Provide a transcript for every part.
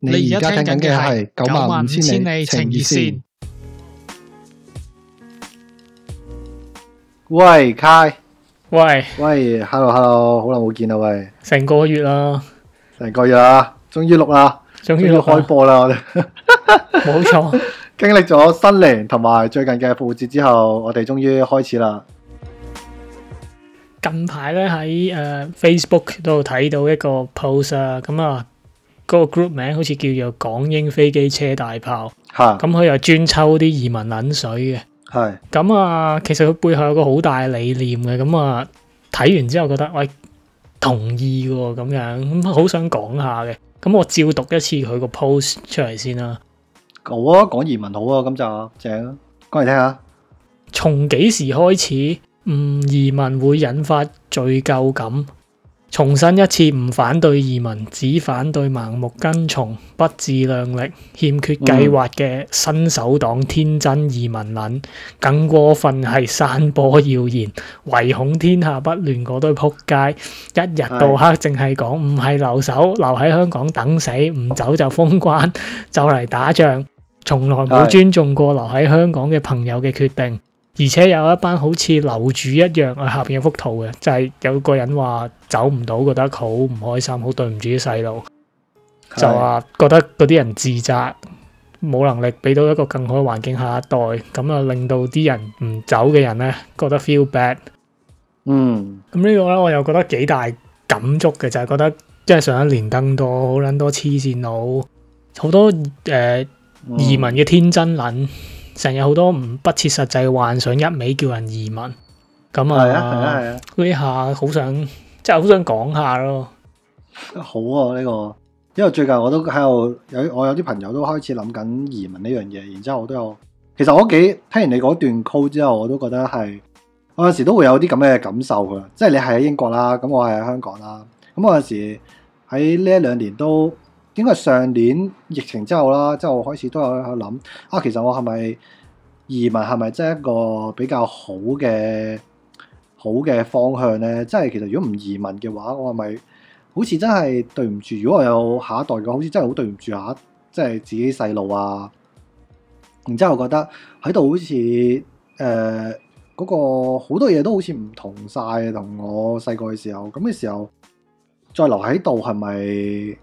你而家聽緊嘅係九萬五千里情熱線。95, 喂，Kai，喂喂，Hello，Hello，好耐冇見啦，喂。成個月啦，成個月啊，終於錄啦，終於開播啦，冇錯。經歷咗新年同埋最近嘅復活節之後，我哋終於開始啦。近排咧喺誒 Facebook 度睇到一個 post 啊，咁啊。嗰個 group 名好似叫做港英飛機車大炮，嚇、啊！咁佢又專抽啲移民撚水嘅，係是。咁啊，其實佢背後有個好大理念嘅，咁啊睇完之後覺得，喂，同意喎咁樣，咁好想講下嘅。咁我照讀一次佢個 post 出嚟先啦。好啊，講移民好啊，咁就正、啊，講嚟聽下。從幾時開始，嗯，移民會引發罪疚感？重申一次唔反對移民，只反對盲目跟從、不自量力、欠缺計劃嘅新手黨天真移民撚，更過分係散播謠言，唯恐天下不亂嗰堆撲街，一日到黑淨係講唔係留守留喺香港等死，唔走就封關，就嚟打仗，從來冇尊重過留喺香港嘅朋友嘅決定。而且有一班好似樓主一樣，下邊有幅圖嘅，就係有個人話走唔到，覺得好唔開心，好對唔住啲細路，就話覺得嗰啲人自責，冇能力俾到一個更好嘅環境下一代，咁啊令到啲人唔走嘅人呢，覺得 feel bad。嗯，咁呢個咧，我又覺得幾大感觸嘅，就係覺得即係上一年登多好撚多黐線佬，好多誒移民嘅天真撚。成日好多唔不切實際嘅幻想，一味叫人移民咁啊！係啊，係啊。呢下好想真係好想講下咯，好啊呢個，因為最近我都喺度有我有啲朋友都開始諗緊移民呢樣嘢，然之後我都有，其實我幾聽完你嗰段 call 之後，我都覺得係我有時都會有啲咁嘅感受噶，即係你係喺英國啦，咁我係喺香港啦，咁我有時喺呢一兩年都。應該上年疫情之後啦，之後開始都有喺度諗啊，其實我係咪移民係咪真係一個比較好嘅好嘅方向呢？即係其實如果唔移民嘅話，我係咪好似真係對唔住？如果我有下一代嘅話，好似真係好對唔住下，即係自己細路啊。然之後我覺得喺度好似誒嗰個好多嘢都好似唔同晒。同我細個嘅時候咁嘅時候，再留喺度係咪？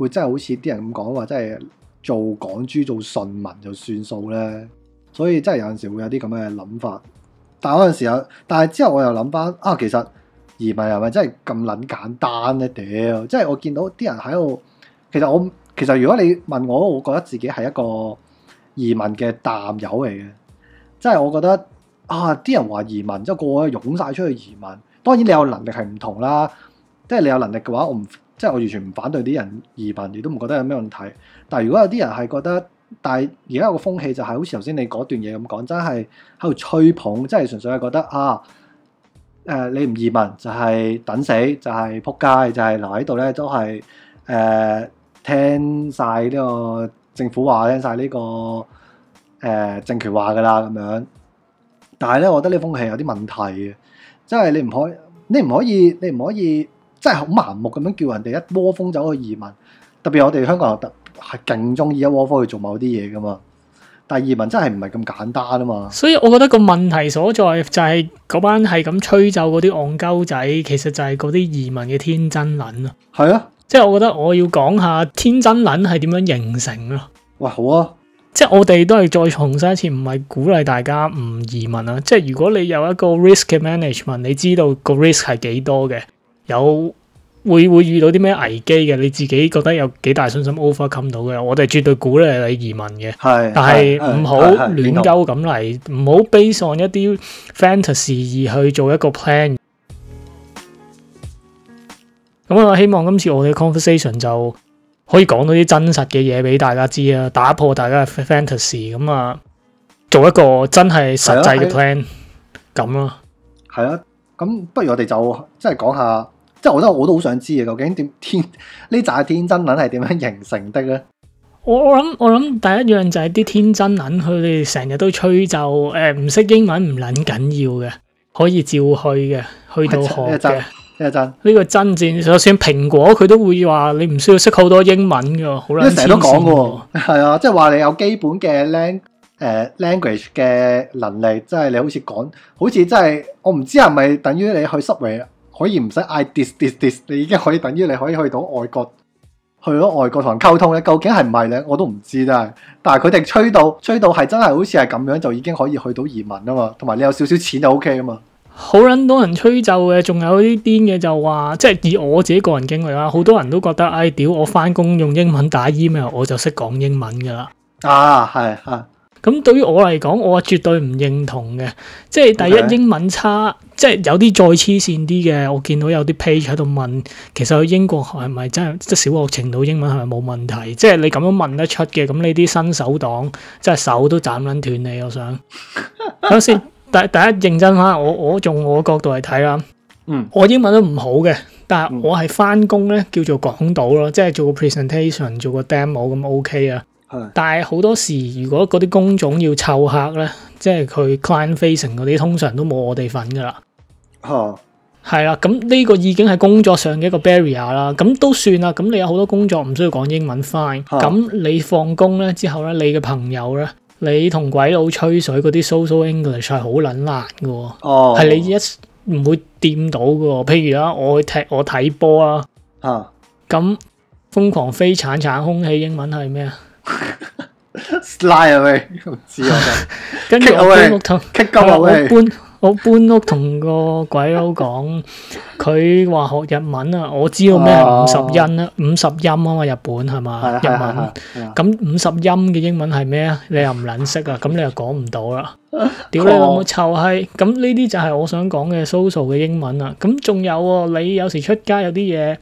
會真係好似啲人咁講話，真係做港豬、做順民就算數咧。所以真係有陣時會有啲咁嘅諗法，但嗰陣時候，但係之後我又諗翻啊，其實移民係咪真係咁撚簡單咧？屌，即係我見到啲人喺度。其實我其實如果你問我，我覺得自己係一個移民嘅淡友嚟嘅。即係我覺得啊，啲人話移民即係個個湧曬出去移民。當然你有能力係唔同啦，即係你有能力嘅話我，我唔。即係我完全唔反對啲人移民，亦都唔覺得有咩問題。但係如果有啲人係覺得，但係而家個風氣就係好似頭先你嗰段嘢咁講，真係喺度吹捧，即係純粹係覺得啊，誒、呃、你唔移民就係、是、等死，就係仆街，就係、是、留喺度咧都係誒、呃、聽晒呢個政府話，聽晒呢、這個誒、呃、政權話噶啦咁樣。但係咧，我覺得呢個風氣有啲問題嘅，即係你唔可，你唔可以，你唔可以。真係好盲目咁樣叫人哋一窩蜂走去移民，特別我哋香港人特係勁中意一窩蜂去做某啲嘢噶嘛。但係移民真係唔係咁簡單啊嘛。所以，我覺得個問題所在就係、是、嗰班係咁吹走嗰啲戇鳩仔，其實就係嗰啲移民嘅天真撚咯。係啊，即係我覺得我要講下天真撚係點樣形成囉。哇，好啊，即係我哋都係再重申一次，唔係鼓勵大家唔移民啦。即係如果你有一個 risk management，你知道個 risk 係幾多嘅。有會會遇到啲咩危機嘅？你自己覺得有幾大信心 overcome 到嘅？我哋絕對鼓勵你移民嘅，係但係唔好亂鳩咁嚟，唔好 base on 一啲 fantasy 而去做一個 plan。咁啊，希望今次我哋嘅 conversation 就可以講到啲真實嘅嘢俾大家知啊，打破大家嘅 fantasy。咁啊，做一個真係實際嘅 plan 咁咯。係啊，咁不如我哋就即係講下。即係我真我都好想知啊！究竟點天呢扎天真撚係點樣形成的咧？我我諗我諗第一樣就係啲天真撚佢哋成日都吹就誒，唔、呃、識英文唔撚緊要嘅，可以照去嘅，去到學嘅。一陣呢個真字就算蘋果佢都會話你唔需要識好多英文嘅，好難。成日都講嘅，係啊，即係話你有基本嘅 l a n g 誒、呃、language 嘅能力，即係你好似講，好似真係我唔知係咪等於你去失你。啊？可以唔使嗌 dis dis dis，你已經可以等於你可以去到外國，去咗外國同人溝通咧。究竟係唔係咧？我都唔知啦。但係佢哋吹到吹到係真係好似係咁樣，就已經可以去到移民啊嘛。同埋你有少少錢就 OK 啊嘛。好撚多人吹奏嘅，仲有啲癲嘅就話，即係以我自己個人經歷啦，好多人都覺得，哎，屌我翻工用英文打 email，我就識講英文噶啦。啊，係啊。咁對於我嚟講，我絕對唔認同嘅。即係第一 Okay. 英文差，即係有啲再黐線啲嘅。我見到有啲 page 喺度問，其實去英國係咪真係即係小學程度英文係咪冇問題？即係你咁樣問得出嘅，咁你啲新手黨即係手都斬撚斷你。我想，首 先。第第一認真吓，我我從我角度嚟睇啦。嗯，mm. 我英文都唔好嘅，但係我係翻工咧叫做講到咯，即係做個 presentation，做個 demo 咁 OK 啊。但係好多時，如果嗰啲工種要湊客咧，即係佢 client facing 嗰啲，通常都冇我哋份噶啦。吓、oh.，係啦，咁呢個已經係工作上嘅一個 barrier 啦。咁都算啦。咁你有好多工作唔需要講英文 fine。咁、oh. 你放工咧之後咧，你嘅朋友咧，你同鬼佬吹水嗰啲 social English 係好撚難噶。哦，係你一唔會掂到噶。譬如啦，我去踢我睇波啊。啊，咁瘋狂飛鏟鏟空氣英文係咩啊？跟住 我搬屋同， 我搬屋同個鬼佬講，佢話 學日文啊，我知道咩係五十音啊，五十、哦、音啊嘛，日本係嘛日， 日文，咁五十音嘅英文係咩啊？你又唔捻識啊？咁你又講唔到啦，屌 你老母臭閪，咁呢啲就係我想講嘅 social 嘅英文啊。咁仲有啊、哦，你有時出街有啲嘢，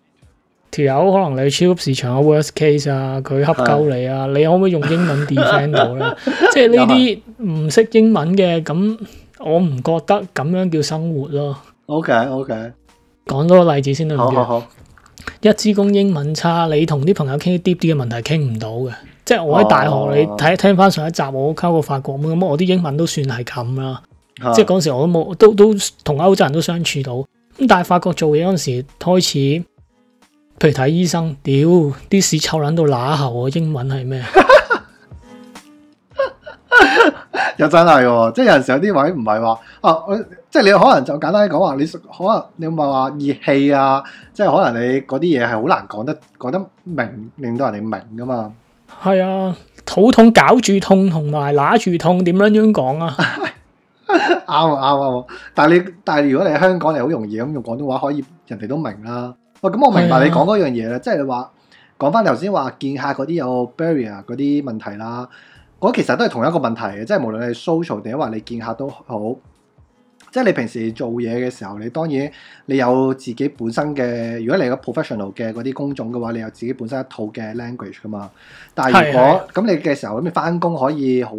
條友可能你超級市場啊，worst case 啊，佢恰鳩你啊，是的 你可唔可以用英文 defend 到咧？即係呢啲唔識英文嘅，咁我唔覺得咁樣叫生活咯。OK，OK，Okay, okay. 講多個例子先啦。好好，好一支公英文差，你同啲朋友傾啲 deep 啲嘅問題傾唔到嘅。即係我喺大學，哦、好好你睇聽翻上一集，我溝過法國妹咁，我啲英文都算係咁啦。哦、即係嗰時我都冇，都都同歐洲人都相處到。咁但係法國做嘢嗰陣時開始。譬如睇醫生，屌、哎、啲屎臭撚到乸喉，英文係咩？ 又真係喎、啊，即係有時有啲位唔係話，啊，即係你可能就簡單啲講話，你可能你唔係話熱氣啊，即係可能你嗰啲嘢係好難講得講得明，令到人哋明噶嘛。係啊，肚痛絞住痛同埋乸住痛，點樣樣講啊？啱 啊啱啊，啊，但係你但係如果你喺香港，你好容易咁用廣東話可以，人哋都明啦。喂，咁、哦、我明白你講嗰樣嘢咧，即係的你話講翻頭先話見客嗰啲有 barrier 嗰啲問題啦，嗰其實都係同一個問題嘅，即係無論你係 social 定係話你見客都好。即係你平時做嘢嘅時候，你當然你有自己本身嘅，如果你係個 professional 嘅嗰啲工種嘅話，你有自己本身一套嘅 language 噶嘛。但係如果咁的你嘅時候咁你返工可以好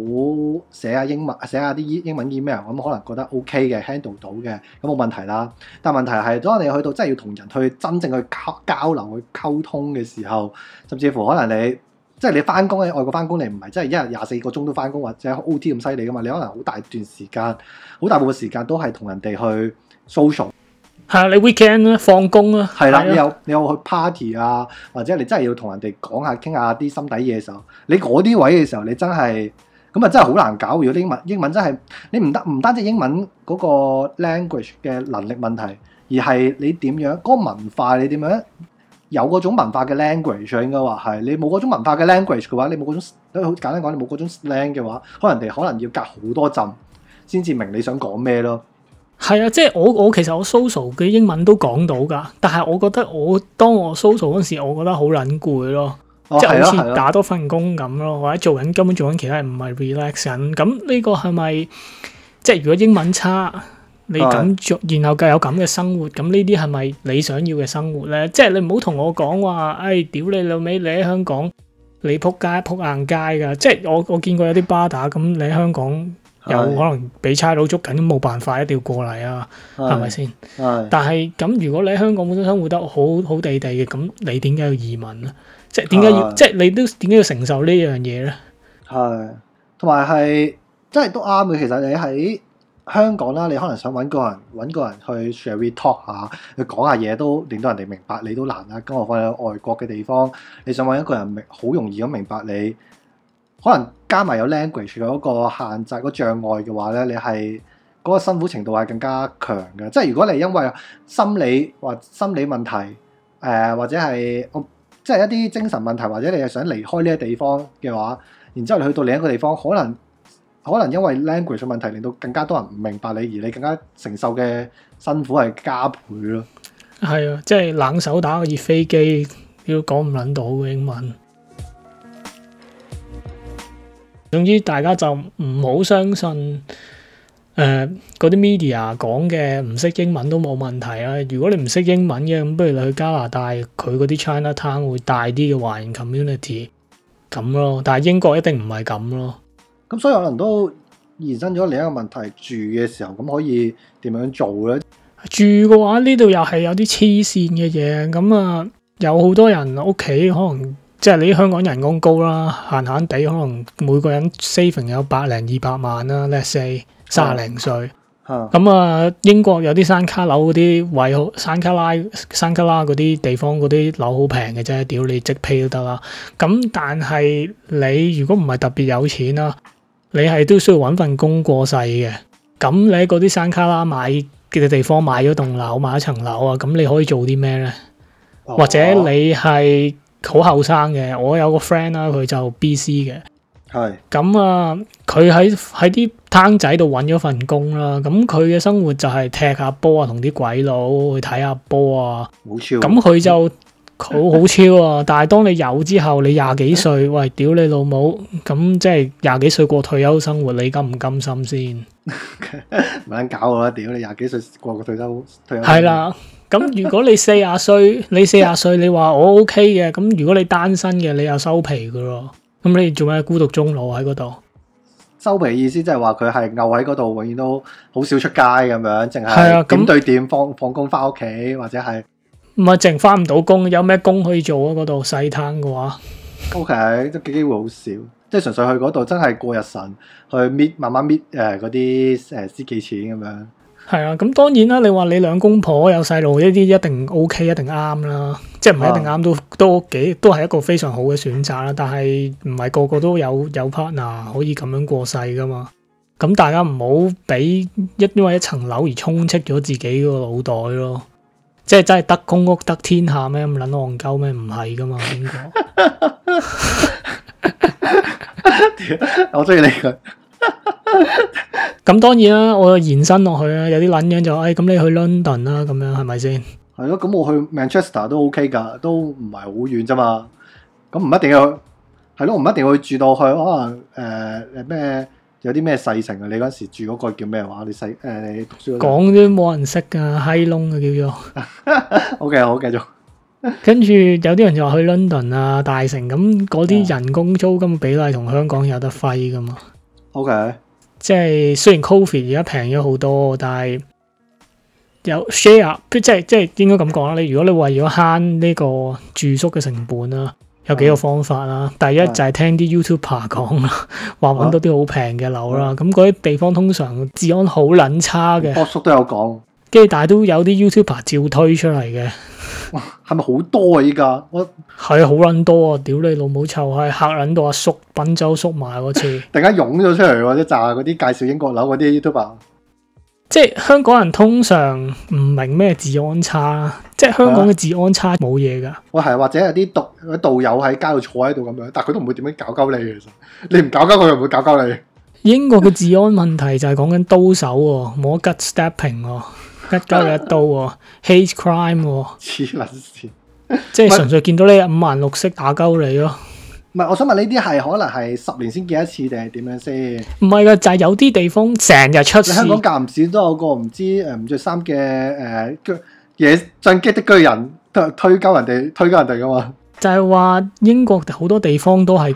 寫下英文寫下啲英文 email，咁可能覺得 OK 嘅 handle 到嘅，咁冇問題啦。但係問題係當你去到真係要同人去真正去交交流去溝通嘅時候，甚至乎可能你。即係你翻工咧，外國翻工你唔係真係一日廿四個鐘都翻工或者 O T 咁犀利噶嘛？你可能好大段時間，好大部分時間都係同人哋去 social。係啊，你 weekend 咧放工啊，係啦的，的你有你有去 party 啊，或者你真係要同人哋講下傾下啲心底嘢嘅時候，你嗰啲位嘅時候，你真係咁啊，真係好難搞。如果英文英文真係你唔得，唔單止英文嗰個 language 嘅能力問題，而係你點樣嗰個文化你點樣？有嗰種文化嘅 language，應該話係你冇嗰種文化嘅 language 嘅話，你冇嗰種，好簡單講，你冇嗰種 language 嘅話，可能你可能要隔好多陣先至明你想講咩咯。係啊，即係我我其實我 social 嘅英文都講到㗎，但係我覺得我當我 social 嗰時，我覺得好撚攰咯，哦、即係好似打多份工咁咯，啊啊、或者做緊根本做緊其他嘢唔係 relax，咁呢個係咪即係如果英文差？你咁著，然後更有咁嘅生活，咁呢啲係咪你想要嘅生活咧？即係你唔好同我講話，哎，屌你老味，你喺香港，你仆街仆硬街噶。即係我我見過有啲巴打咁，你喺香港有可能俾差佬捉緊，都冇辦法一定要過嚟啊？係咪先？係係但係咁，如果你喺香港本身生活得好好地地嘅，咁你點解要移民咧？即係點解要？即係係你都點解要承受呢樣嘢咧？係，同埋係，即係都啱嘅。其實你喺。香港啦，你可能想揾個人揾個人去 share talk 下，去講下嘢都令到人哋明白你都難啦、啊。更何況外國嘅地方，你想揾一個人明好容易咁明白你，可能加埋有 language 嗰個限制、個障礙嘅話咧，你係嗰個辛苦程度係更加強嘅。即係如果你因為心理或心理問題，誒、呃、或者係即係一啲精神問題，或者你係想離開呢啲地方嘅話，然之後你去到另一個地方，可能。可能因為 language 嘅問題，令到更加多人唔明白你，而你更加承受嘅辛苦係加倍咯。係 啊，即係冷手打個熱飛機，都講唔撚到嘅英文。總之大家就唔好相信誒嗰啲 media 講嘅，唔、呃、識英文都冇問題啊！如果你唔識英文嘅，咁不如你去加拿大，佢嗰啲 China Town 會大啲嘅華人 community 咁咯。但係英國一定唔係咁咯。咁所以可能都延伸咗另一個問題，住嘅時候咁可以點樣做咧？住嘅話，呢度又係有啲黐線嘅嘢。咁、嗯、啊，有好多人屋企可能即係你香港人工高啦，閒閒地可能每個人 saving 有百零二百萬啦。Let's say 卅零歲，咁啊、嗯嗯嗯，英國有啲山卡樓嗰啲位，好山卡拉、山卡拉嗰啲地方嗰啲樓好平嘅啫，屌你即 pay 都得啦。咁但係你如果唔係特別有錢啦。你係都需要揾份工過世嘅，咁你喺嗰啲山卡拉買嘅地方買咗棟樓，買咗層樓啊，咁你可以做啲咩呢？哦、或者你係好後生嘅，我有個 friend 啦，佢就 B C 嘅，係是，咁啊，佢喺喺啲攤仔度揾咗份工啦，咁佢嘅生活就係踢下波啊，同啲鬼佬去睇下波啊，咁佢 就。佢好超啊！ 但係當你有之後，你廿幾歲，喂，屌你老母，咁即係廿幾歲過退休生活，你甘唔甘心先？唔撚 搞我啦！屌你廿幾歲過個退休退休生活係啦。咁 如果你四十歲，你四十歲，你話我 OK 嘅。咁如果你單身嘅，你又收皮噶咯。咁你做咩孤獨終老喺嗰度？ 收皮意思即係話佢係漚喺嗰度，永遠都好少出街咁樣，淨係點對點放放工翻屋企或者係。唔係淨翻唔到工，有咩工可以做啊？嗰度細攤嘅話，OK，都機會好少，即係純粹去嗰度真係過日神去搣，慢慢搣誒嗰啲誒私己錢咁樣。係啊，咁當然啦。你話你兩公婆有細路呢啲，一定 OK，一定啱啦。即係唔係一定啱都都幾都係一個非常好嘅選擇啦。但係唔係個個都有有 partner 可以咁樣過世噶嘛？咁大家唔好俾一因為一層樓而充斥咗自己個腦袋咯。即係真係得公屋得天下咩，咁撚憨鳩咩？唔係噶嘛？ 我中意你佢，咁當然啦，我延伸落去啊，有啲撚樣就誒，咁、哎、你去 London 啦，咁樣係咪先？係咯，咁我去 Manchester 都 OK 噶，都唔係好遠啫嘛。咁唔一定要去，係咯，唔一定要，一定要住去住到去可能誒誒咩？呃呃有啲咩細城啊？你嗰陣時住嗰個叫咩話？你細誒讀書。呃那個、講都冇人識噶，閪窿啊叫做。 o、okay, K，好繼續。跟 住有啲人就話去 London 啊、大城咁，嗰啲人工租金比例同香港有得揮噶嘛？O Okay . K，即係雖然 Covid 而家平咗好多，但係有 share 即係即係應該咁講啦。你如果你為咗慳呢個住宿嘅成本啊。有幾個方法啦，第一就係聽啲 YouTuber 講啦，話揾到啲好平嘅樓啦，咁嗰啲地方通常治安好撚差嘅。阿叔都有講，跟住但係都有啲 YouTuber 照推出嚟嘅。哇，係咪好多啊依家？我係啊，好撚多啊！屌你老母臭，係嚇撚到阿叔奔走縮埋嗰次。突然間湧咗出嚟喎，一紮嗰啲介紹英國樓嗰啲 YouTuber。即係香港人通常唔明咩治安差，即係香港嘅治安差冇嘢噶。喂、哦，係或者有啲導有道友喺街度坐喺度咁樣，但係佢都唔會點樣搞鳩你嘅。你唔搞鳩，佢，又唔會搞鳩你。英國嘅治安問題就係講緊刀手、哦，冇得吉 stepping，一、哦、鳩一刀、哦、 ，hate crime，黐撚線，即係純粹見到你話五顏六色打鳩你咯、哦。唔係，我想問呢啲係可能係十年先見一次定係點樣先？唔係噶，就係、是、有啲地方成日出事，喺香港，間唔中都有個唔知誒唔着衫嘅誒嘢進擊的巨人推鳩人哋，推鳩人哋噶嘛？就係話英國好多地方都係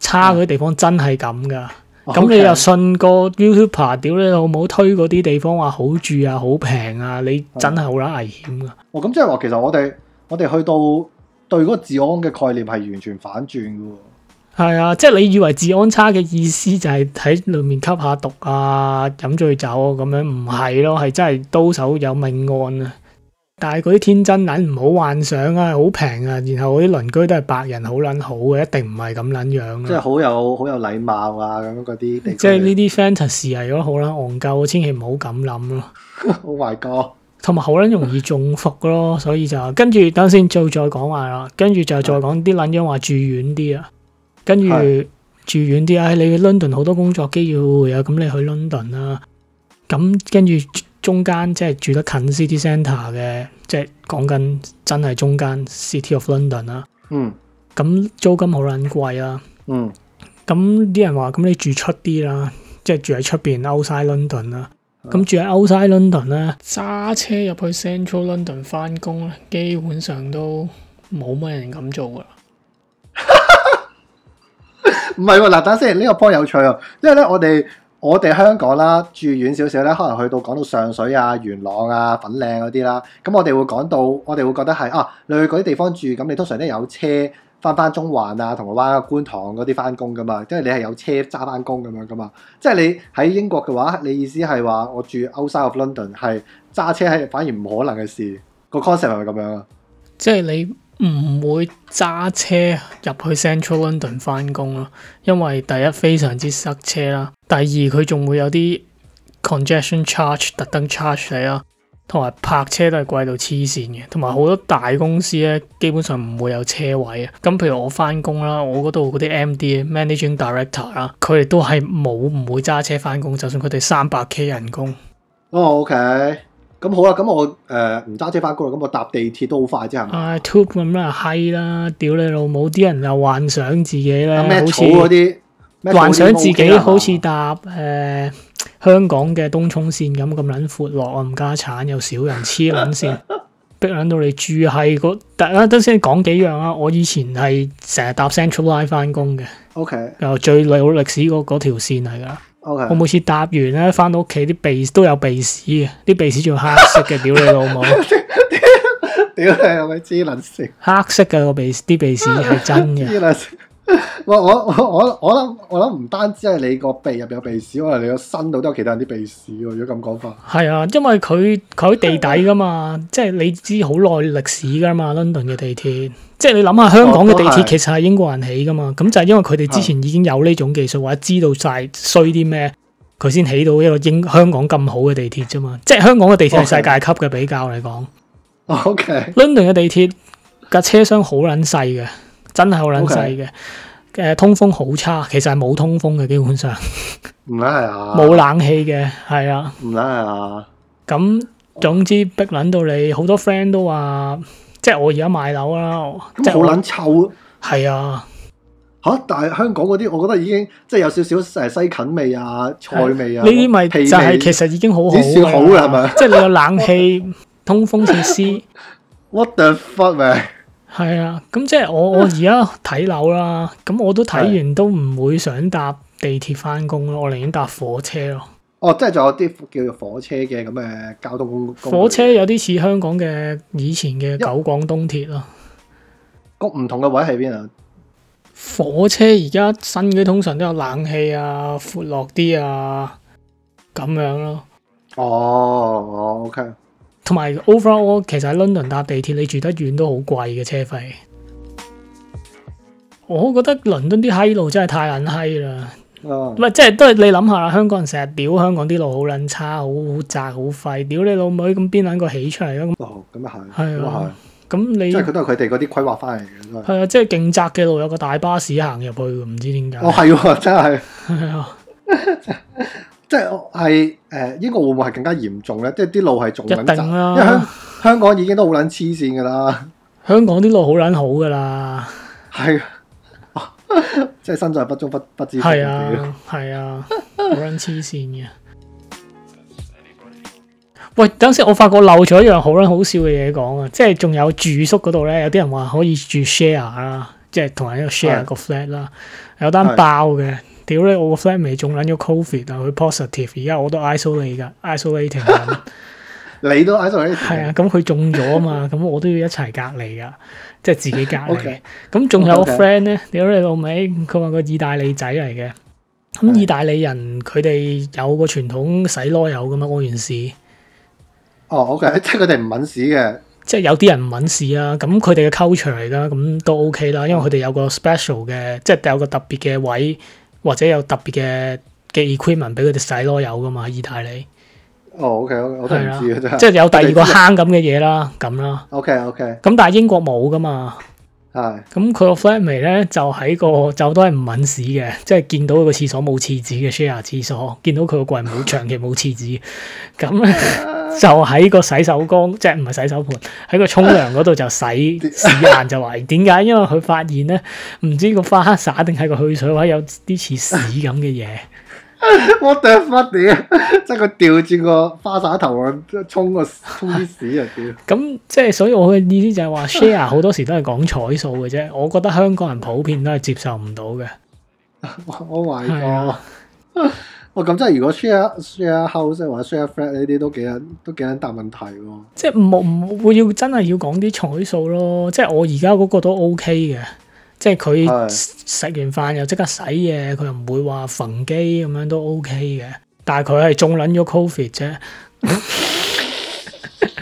差嗰啲地方真係咁噶，咁、嗯、你又信個 YouTuber 屌你老母推嗰啲地方話好住啊，好平啊，你真係好撚危險噶、啊！哦，咁即係話，其實我哋我哋去到。對嗰個治安嘅概念係完全反轉嘅喎，係啊，即係你以為治安差嘅意思就係喺裡面吸下毒啊、飲醉酒咁、啊、樣，唔係咯，係真係刀手有命案啊！但係嗰啲天真撚唔好幻想啊，好平啊，然後嗰啲鄰居都係白人，好撚好嘅，一定唔係咁撚樣啦、啊，即係好有好有禮貌啊咁嗰啲，啊、即係呢啲 fantasy 如果好撚戇鳩，千祈唔好咁諗咯。Oh my god！同埋好撚容易中伏咯，所以就跟住等先做再講埋啦。跟住就再講啲撚樣話住遠啲啊，跟住是的 住遠啲啊、哎。你去 London 好多工作機要會啊，咁你去 London 啦。咁跟住中間即係住得近 City Centre 嘅，即係講緊真係中間 City of London 啦、啊。嗯是的。咁租金好撚貴啊。嗯是的。咁啲人話咁你住出啲啦，即係住喺出邊 Outside London 啦。咁住喺 Outside London 咧，揸車入去 Central London 翻工咧，基本上都冇乜人咁做噶啦。唔係喎，嗱，等先，呢、這個 point 有趣啊，因為咧，我哋我哋香港啦，住遠少少咧，可能去到講到上水啊、元朗啊、粉嶺嗰啲啦，咁我哋會講到，我哋會覺得係啊，你去嗰啲地方住，咁你通常都有車。翻翻中環啊、銅鑼灣、觀塘嗰啲翻工噶嘛，即係你係有車揸翻工咁樣噶嘛。即係你喺英國嘅話，你意思係話我住 outside of London 係揸車係反而唔可能嘅事，個 concept 係咪咁樣啊？即係你唔會揸車入去 Central London 翻工咯，因為第一非常之塞車啦，第二佢仲會有啲 congestion charge 特登 charge 你啊。同埋泊車都係貴到黐線嘅，同埋好多大公司咧，基本上唔會有車位啊。咁譬如我翻工啦，我嗰度嗰啲 MD、Managing Director 啦，佢哋都係冇唔會揸車翻工，就算佢哋三百 K 人工。哦，OK，咁好啦，咁我誒唔揸車翻工，咁我搭地鐵都好快啫，係嘛？哎、啊，Tube 咁啦，閪啦，屌你老母，啲人又幻想自己咧，啊、好似嗰啲幻想自己好似搭誒。啊呃啊香港嘅東涌線咁咁撚闊落啊，唔加鏟又少人黐撚線， 逼撚到你住係個，大家等先講幾樣啊！我以前係成日搭 Central Line 返工嘅，OK，又最有歷史嗰嗰條線嚟噶，OK。我每次搭完咧，返到屋企啲鼻都有鼻屎嘅，啲鼻屎仲黑色嘅，屌你老母，屌你係咪黐撚線？黑色嘅個鼻，啲鼻屎係真嘅。 我我我我諗我諗唔單止係你個鼻入有鼻屎，可能你個身度都有其他人啲鼻屎喎。如果咁講法，係啊，因為佢佢喺地底噶嘛， 即係你知好耐歷史噶嘛。London 嘅地鐵，即係你諗下香港嘅地鐵其實係英國人起噶嘛。咁、哦、就係因為佢哋之前已經有呢種技術或者知道晒衰啲咩，佢先起到一個英香港咁好嘅地鐵啫嘛。即係香港嘅地鐵係世界級嘅比較嚟 Okay. 講。O K，London 嘅地鐵架車廂好撚細嘅。 真係好撚細嘅，誒，Okay. 通風好差，其實係冇通風嘅，基本上。唔係啊。冇冷氣嘅，係啊。唔係啊。咁總之逼撚到你，好多 friend 都話，即係我而家買樓啦。即係好撚臭啊！係啊。吓？但係香港嗰啲，我覺得已經即係有少少誒西芹味啊，菜味啊。呢啲咪就係皮味 其實已經好好。算好啦，係咪？即係你有冷氣、 通風設施。 What the fuck 咩？係啊，咁即係我、啊、我而家睇樓啦，咁我都睇完都唔會想搭地鐵返工咯，我寧願搭火車咯。哦，即係仲有啲叫做火車嘅咁嘅交通工具。火車有啲似香港嘅以前嘅九廣東鐵咯。個唔同嘅位喺邊啊？火車而家新嘅通常都有冷氣啊，闊落啲啊，咁樣咯。哦，OK。同埋 overall，all, 其實喺倫敦搭地鐵，你住得遠都好貴嘅車費。我覺得倫敦啲閪路真係太撚閪啦，唔係、oh. 即係都係你諗下啦，香港人成日屌香港啲路好撚差，好好窄好廢，屌你老妹咁邊撚個起出嚟啊？哦、oh,，咁又係，啊是，咁的你即係佢都係佢哋嗰啲規劃翻嚟嘅係。啊，即係勁窄嘅路有個大巴士行入去，唔知點解。哦，係喎，真係。 即係，係、呃、誒，英國會唔會係更加嚴重咧？即係啲路係仲，一定啦、啊。因為香香港已經都好撚黐線噶啦。香港啲路好撚好噶啦。係，即係身在不足，不不知。係啊，係啊，好撚黐線嘅。 喂，等陣先，我發覺漏咗一樣好撚好笑嘅嘢講啊！即係仲有住宿嗰度咧，有啲人話可以住 share 啦，即係同埋一個 share 個 flat 啦的，有單包嘅。屌你！我個 friend 未中撚咗 Covid 啊，佢 positive，而家我都 isolating 噶，isolating。你都 isolating？係啊，咁佢中咗啊嘛，咁我都要一齊隔離噶，即係自己隔離嘅。咁仲有個 friend 咧，屌你老味，佢話個意大利仔嚟嘅，咁意大利人佢哋有個傳統洗籮柚咁樣，屙完屎。哦，OK，即係佢哋唔揾屎嘅，即係有啲人唔揾屎啦。咁佢哋嘅 culture 嚟噶，咁都 OK 啦，因為佢哋有個 special 嘅，即係有個特別嘅位。或者有特別嘅嘅 equipment 畀佢哋洗囉，有噶嘛，意大利。哦，OK，OK，OK 即係有第二個坑咁嘅嘢啦，咁 啦。OK，OK。咁但係英國冇噶嘛。咁佢個 friend 咪咧，就喺個就都係唔揾屎嘅，即係見到佢個廁所冇廁紙嘅 share 廁所， 見到佢個櫃冇長期冇廁紙，咁咧就喺個洗手缸，即係唔係洗手盤，喺個沖涼嗰度就洗屎眼就，就話點解？因為佢發現咧，唔知個花灑定係個去水位有啲似屎咁嘅嘢。我頂翻你，即係佢調轉個花灑頭啊，沖個沖啲屎啊，點？咁即係所以我嘅意思就係話 share 好多時都係講彩數嘅啫，我覺得香港人普遍都係接受唔到嘅。我我懷疑啊。哇，咁即係如果 share share house 或者 share flat 呢啲都幾難，都幾難答問題。即係冇唔會要真係要講啲彩數咯。即係我而家嗰個都 OK 嘅。即係佢食完飯又即刻洗嘢，佢的又唔會話縫機咁樣都 OK 嘅。但係佢係中捻咗 Covid 啫。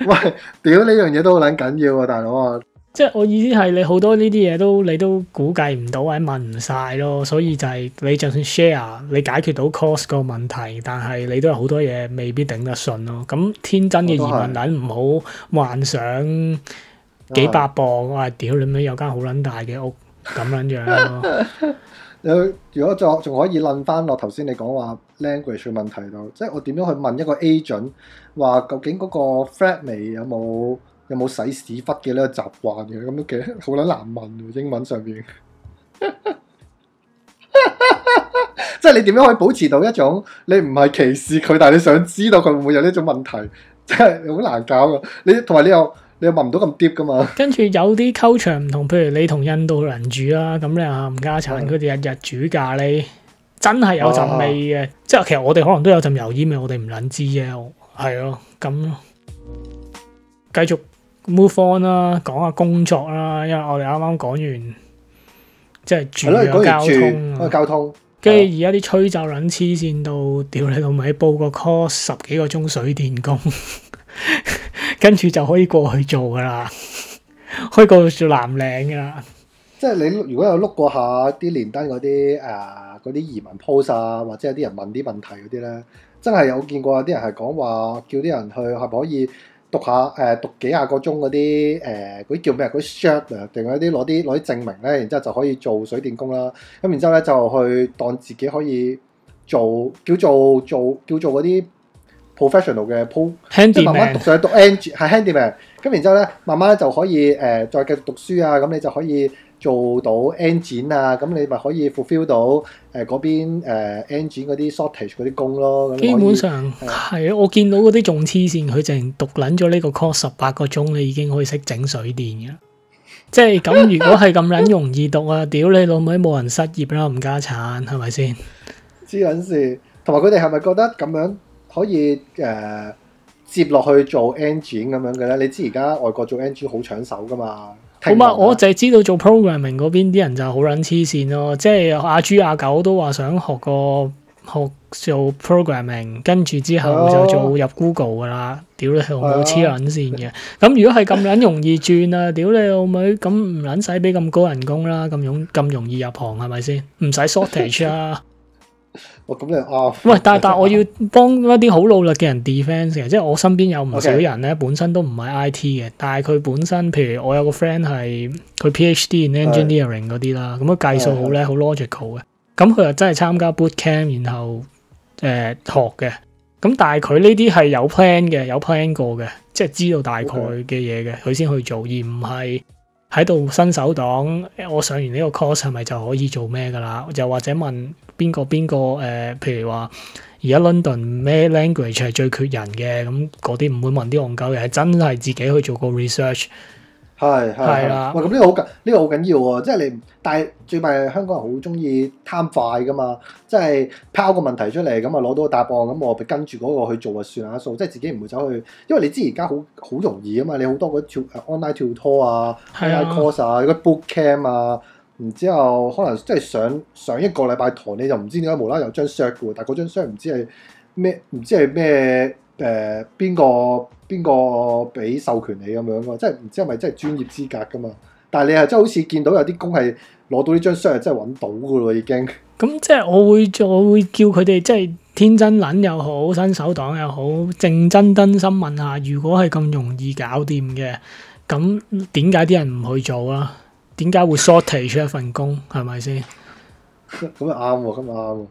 喂，屌呢樣嘢都好捻緊要啊，大佬啊！即係我意思係你好多呢啲嘢都你都估計唔到，或者問唔晒咯。所以就係你就算 share，你解決到 cost 個問題，但係你都有好多嘢未必頂得順咯。咁天真嘅移民撚唔好幻想。幾百磅，啊，屌你咪有間好撚大嘅屋咁樣樣咯。有 如果仲仲可以論翻落頭先你講話 language 問題度，即係我點樣去問一個 agent，話究竟嗰個 flatmate 有冇有冇洗屎忽嘅呢個習慣嘅咁樣嘅，好撚難問英文上邊。 即係你點樣可以保持到一種，你唔係歧視佢，但係你想知道佢會唔會有呢種問題，即係好難搞噶。你同埋你又。你又聞唔到咁啲噶嘛？跟住有啲溝場唔同，譬如你同印度人住啦，咁你、嗯、啊吳家燦佢哋日日煮咖喱，真係有陣味嘅。即係其實我哋可能都有陣油煙味，我哋唔撚知嘅。係咯，咁繼續 move on 啦，講下工作啦。因為我哋啱啱講完即係住啊交通，交通啊，交通。跟住然後 的而家啲吹奏卵黐線到屌你老味，報個 course 十幾個鐘水電工。 跟住就可以過去做噶啦，可以過去做藍領噶啦。即係你如果有碌過下啲連登嗰啲誒啲移民 post 啊，或者有啲人問啲問題嗰啲咧，真係有見過有啲人係講話，叫啲人去係咪可以讀下誒讀幾廿個鐘嗰啲誒嗰啲叫咩嗰啲 short 啊，定係啲攞啲攞啲證明咧，然之後就可以做水電工啦。咁然之後咧就去當自己可以做叫做做叫做嗰啲。professional 嘅鋪，即係慢慢讀上讀，讀 engine 係 handyman，咁然之後咧，慢慢就可以誒、呃、再繼續讀書啊，咁你就可以做到 engine 啊，咁你咪可以 fulfill 到誒嗰、呃、邊誒、呃、engine 嗰啲 shortage 嗰啲工咯。嗯、基本上係啊，我見到嗰啲仲黐線，佢淨讀撚咗呢個 course 十八個鐘，你已經可以識整水電嘅。 即係咁，如果係咁撚容易讀啊，屌 你老妹，冇人失業啦，唔加產係咪先？知撚事，同埋佢哋係咪覺得咁樣？可以誒、呃、接落去做 engine 咁樣嘅咧，你知而家外國做 engine 好搶手噶嘛？好嘛，我淨係知道做 programming 嗰邊啲人就好撚黐線咯，即係阿豬阿狗都話想學個學做 programming，跟住之後就做入 Google 噶啦。哦、屌你老母黐撚線嘅！咁、哦、如果係咁撚容易轉啊， 屌你老妹，咁唔撚使俾咁高人工啦，咁容咁容易入行係咪先？唔使 shortage 啊！ 哇！咁你啊？喂，但係但係，我要幫一啲好努力嘅人 defense 嘅，即係我身邊有唔少人咧，Okay. 本身都唔係 I T 嘅，但係佢本身，譬如我有個 friend 係佢 PhD in engineering 嗰啲啦，咁啊計數好咧，好、嗯、logical 嘅，咁佢又真係參加 bootcamp，然後誒、呃、學嘅，咁但係佢呢啲係有 plan 嘅，有 plan 過嘅，即係知道大概嘅嘢嘅，佢先去做，而唔係。喺度伸手黨，我上完呢個 course 係咪就可以做咩㗎啦？又或者問邊個邊個誒？譬如話而家 London 咩 language 係最缺人嘅？咁嗰啲唔會問啲戇鳩嘢，係真係自己去做個 research。係係啦，喂！咁呢的、這個好緊，呢、這個好緊要喎、啊。即係你但帶最弊，香港人好中意貪快噶嘛。即係拋個問題出嚟，咁啊攞到個答案，咁我咪跟住嗰個去做啊算下數。即係自己唔會走去，因為你知而家好好容易啊嘛。你好多嗰跳 online 跳拖啊，online course 啊，嗰的 b o o k c a m p 啊，然之後可能即係上上一個禮拜堂，你就唔知點解無啦有張 share 嘅喎。但係嗰張 share 唔知係咩，唔知係咩誒邊個。邊個俾授權你咁樣㗎？即係唔知係咪真係專業資格㗎嘛？但係你又真係好似見到有啲工係攞到呢張 cert 真係揾到㗎咯已經。咁即係我會再會叫佢哋即係天真撚又好，新手黨又好，正真真心問下，如果係咁容易搞掂嘅，咁點解啲人唔去做啊？點解會 shortage 一份工係咪先？咁又啱喎，咁又啱。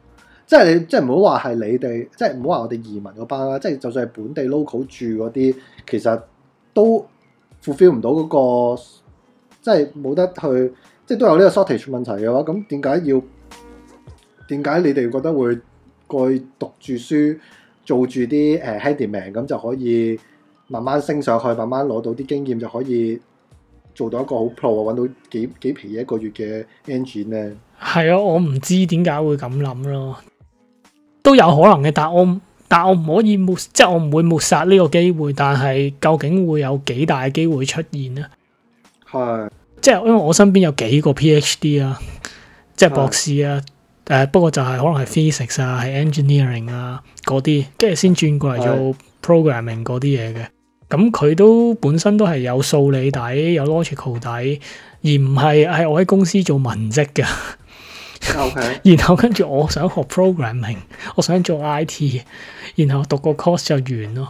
即係你，即係唔好話係你哋，即係唔好話我哋移民嗰班啦。即係就算係本地 local 住嗰啲，其實都 fulfill 唔到嗰個，即係冇得去，即係都有呢個 shortage 問題嘅話，咁點解要？點解你哋覺得會過去讀住書，做住啲誒 handyman 咁就可以慢慢升上去，慢慢攞到啲經驗就可以做到一個好 pro 啊，揾到幾幾皮嘢一個月嘅 engine 咧？係啊，我唔知點解會咁諗咯。都有可能嘅，但我但我唔可以抹，即係我唔會抹殺呢個機會。但係究竟會有幾大嘅機會出現咧？係是即係因為我身邊有幾個 PhD 啊，即係博士啊，誒是、呃、不過就係可能係 physics 啊，係 engineering 啊嗰啲，跟住先轉過嚟做 programming 嗰啲嘢嘅。咁佢是都本身都係有數理底，有 logical 底，而唔係係我喺公司做文職嘅。 OK，然後跟住我想學 programming，我想做 IT，然後讀個 course 就完咯，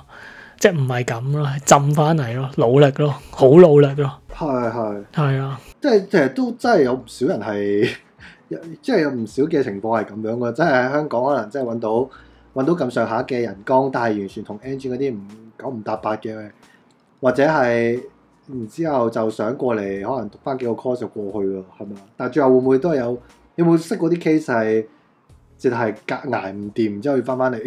即係唔係咁咯，浸翻嚟咯，努力咯，好努力咯。係係係啊，即係其實都真係有唔少人係，即係有唔少嘅情況係咁樣嘅，即係喺香港可能真係搵到搵到咁上下嘅人工，但係完全同 Android 嗰啲唔九唔搭八嘅，或者係然之後就想過嚟，可能讀翻幾個 course 就過去啦，係咪啊？但係最後會唔會都係有？有冇識嗰啲 case 係直係隔挨唔掂，之後要翻翻嚟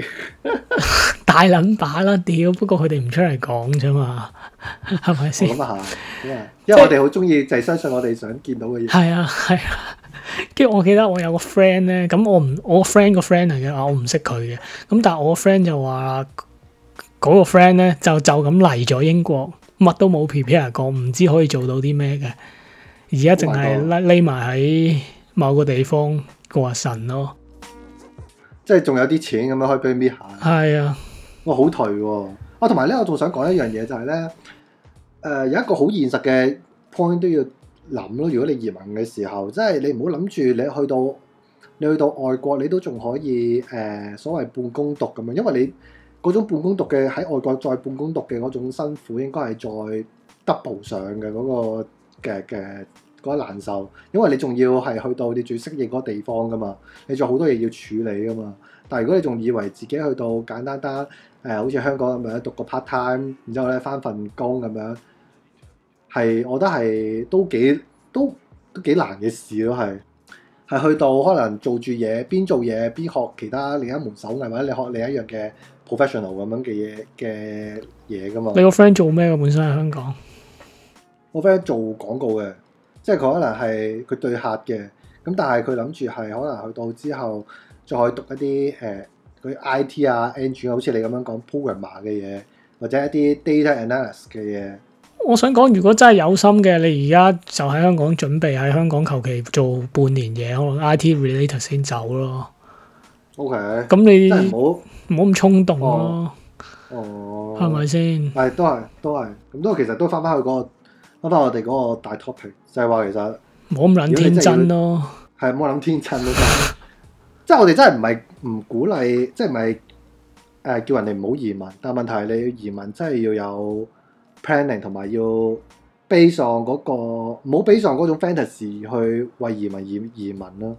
大撚把啦？屌，不過佢哋唔出嚟講啫嘛，係咪先咁啊？因為、就是、我哋好中意就係相信我哋想見到嘅嘢係啊係啊。跟住、啊、我記得我有個 friend 咧，咁我唔我 friend 個 friend 嚟嘅，我唔識佢嘅。咁但係我 friend 就話嗰、嗰個 friend 咧就就咁嚟咗英國，乜都冇皮皮啊講，唔知可以做到啲咩嘅，而家淨係匿埋喺。某個地方過神咯，即係仲有啲錢咁樣可以俾你搣下。係啊，我好頹喎。啊，同埋咧，我仲想講一樣嘢就係咧，誒有一個好現實嘅 point 都要諗咯。如果你移民嘅時候，即係你唔好諗住你去到你去到外國，你都仲可以誒所謂半工讀咁樣，因為你嗰種半工讀嘅喺外國再半工讀嘅嗰種辛苦，應該係再 double 上嘅嗰個嘅嘅。好難受，因為你仲要係去到你最適應嗰個地方噶嘛，你仲好多嘢要處理噶嘛。但係如果你仲以為自己去到簡單單，誒、呃，好似香港咁樣讀個 part time，然之後咧翻份工咁樣，係，我覺得係都幾，都都幾難嘅事都係，係去到可能做住嘢，邊做嘢邊學，學其他另一門手藝或者你學另一樣嘅 professional 咁樣嘅嘢嘅嘢噶嘛？你個 friend 做咩嘅？本身喺香港，我 friend 做廣告嘅。即係佢可能係佢對客嘅，咁但係佢諗住係可能去到之後再讀一啲誒，佢、呃、I T 啊、engine 啊，好似你咁樣講 programmer 嘅嘢，或者一啲 data analysis 嘅嘢。我想講，如果真係有心嘅，你而家就喺香港準備，喺香港求其做半年嘢，可能 I T related 先走咯。OK，咁那你唔好唔好咁衝動咯。哦，係咪先？係都係都係，咁都其實都翻翻去嗰個。翻返我哋嗰個大 topic，就係話其實冇咁撚天真咯，係冇咁撚天真咯，就係、 即係我哋真係唔係唔鼓勵，即係唔係誒叫人哋唔好移民，但問題係你要移民真係、就係、要有 planning 同埋要備上嗰個冇備上嗰種 fantasy 去為移民而移，移民啦。